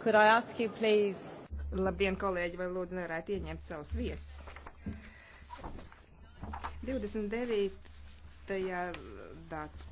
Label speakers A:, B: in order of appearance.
A: Could I ask you please? Labdien, kolēģi, vai lūdzu nevarētu ieņemt savas vietas?
B: 29. datumā